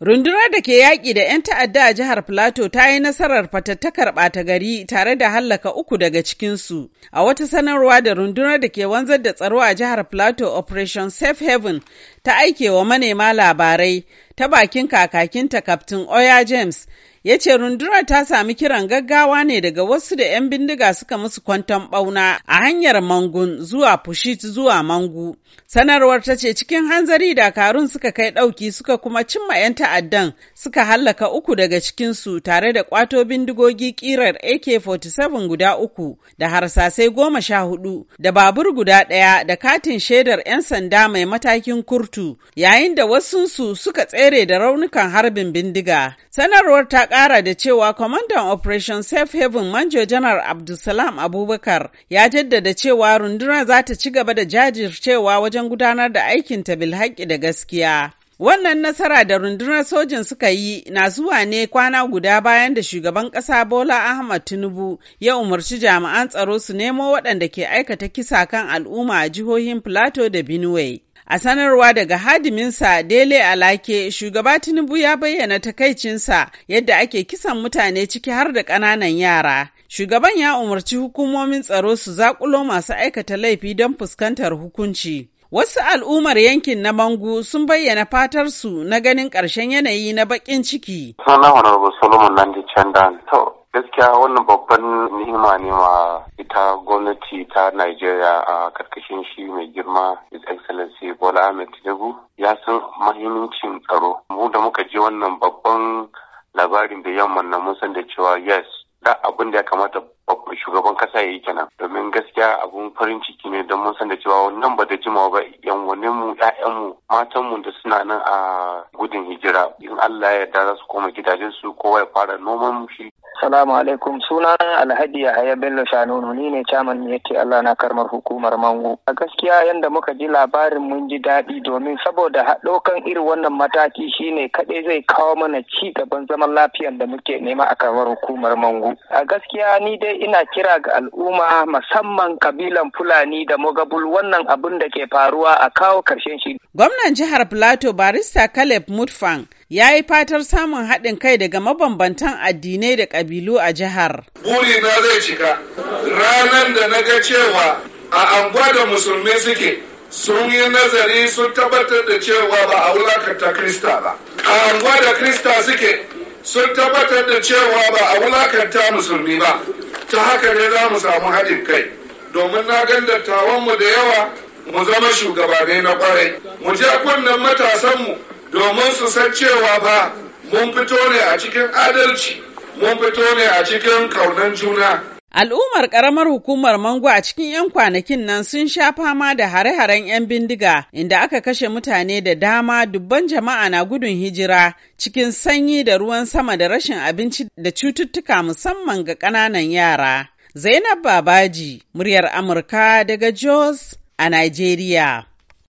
Rundunar da ke yaƙi da 'yan ta'adda a jihar Filato ta yi nasarar fatattakar ɓata gari tare da hallaka uku daga cikinsu. A wata sanarwa da rundunar da ke wanzar da tsaro a jihar Filato Operation Safe Haven ta aike wa manema labarai ta bakin kakakinta Captain Oya James ya ce rundunar ta sami kiran gaggawa ne daga wasu da 'yan bindiga suka musu kwanton bauna a hanyar mangun zuwa pushit zuwa mangu sanarwar ta ce cikin hanzari dakarun suka kai ɗauki suka kuma cimma 'yan ta'addan suka hallaka uku daga cikinsu tare da kwato bindigogi kirar ak-47 guda uku da harsasai goma sha hudu da babur guda ɗaya da katin shaidar 'yan sanda mai matakin kurtu yayin da wasunsu suka tsere da raunukan harbin bindiga Sanarwar ta ƙara da cewa Kwamandan Operation Safe Haven Manjo Janar Abdulsalam Abubakar ya jaddada cewa rundunar za ta ci gaba da jajircewa wajen gudanar da aikinta bilhaƙi da gaskiya. Wannan nasara da rundunar sojin suka yi na zuwa ne kwana guda bayan da shugaban ƙasa Bola Ahmad Tinubu ya umarci jami'an tsaro su nemo waɗanda ke aikata kisa kan al'umma a jihohin Plateau da Benue. A sanarwa daga hadiminsa Dele Alake, shugaba Tinubu ya bayyana takaicinsa yadda ake kisan mutane ciki har da ƙananan yara. Shugaban ya umarci hukumomin tsaro su zakulo masu aikata laifi don fuskantar hukunci. Wasu al'ummar yankin na Mangu sun bayyana fatar su na ganin ƙarshen yanayi na baƙin ciki. gaskiya wannan babban nihima ne ma ita gwamnati ta Najeriya a karkashin shi mai girma excellency bola ahmed tinubu ya san mahimmancin tsaro mu da muka je wannan babban labarin da yamma na mun san da cewa yes da abin da ya kamata babban shugaban kasa ya yi kenan domin gaskiya abun farin ciki ne don mun san da cewa nan ba da jimawa ba yan wani mu ƴaƴan mu matan mu da suna nan a gudun hijira in Allah ya yarda za su koma gidajen su kowa ya fara noman shi Salamu alaikum suna Alhaji Yahaya Bello Shanunu ni ne caman yake Allah na karmar hukumar mangu. A gaskiya yanda muka ji labarin mun ji daɗi domin saboda haɗokan irin wannan mataki shine kaɗai zai kawo mana ci gaban zaman lafiyar da muke nema a karamar hukumar mangu. A gaskiya ni dai ina kira ga al'umma musamman kabilan Fulani da Mogabul wannan abin da ke faruwa a kawo karshen shi. Gwamnan jihar Plateau Barista Caleb Mutfang ya yi fatar samun haɗin kai daga mabambantan addinai da ƙabilu a jihar. buri na zai cika ranar da na ga cewa a anguwa da musulmi suke sun yi nazari sun tabbatar da cewa ba a wulakanta Krista ba. A anguwa da Krista suke sun tabbatar da cewa ba a wulakanta musulmi ba. Ta haka ne za mu samu haɗin kai. Domin na gan dattawanmu da yawa mu zama shugabanni na kwarai. Mu je kunnen matasanmu domin su san cewa ba mun fito ne a cikin adalci mun fito ne a cikin kaunan juna Al'ummar ƙaramar hukumar Mango a cikin 'yan kwanakin nan sun sha fama da hare-haren 'yan bindiga inda aka kashe mutane da dama dubban jama'a na gudun hijira cikin sanyi da ruwan sama da rashin abinci da cututtuka musamman ga ƙananan yara. Zainab Babaji, muryar Amurka daga Jos a Nigeria.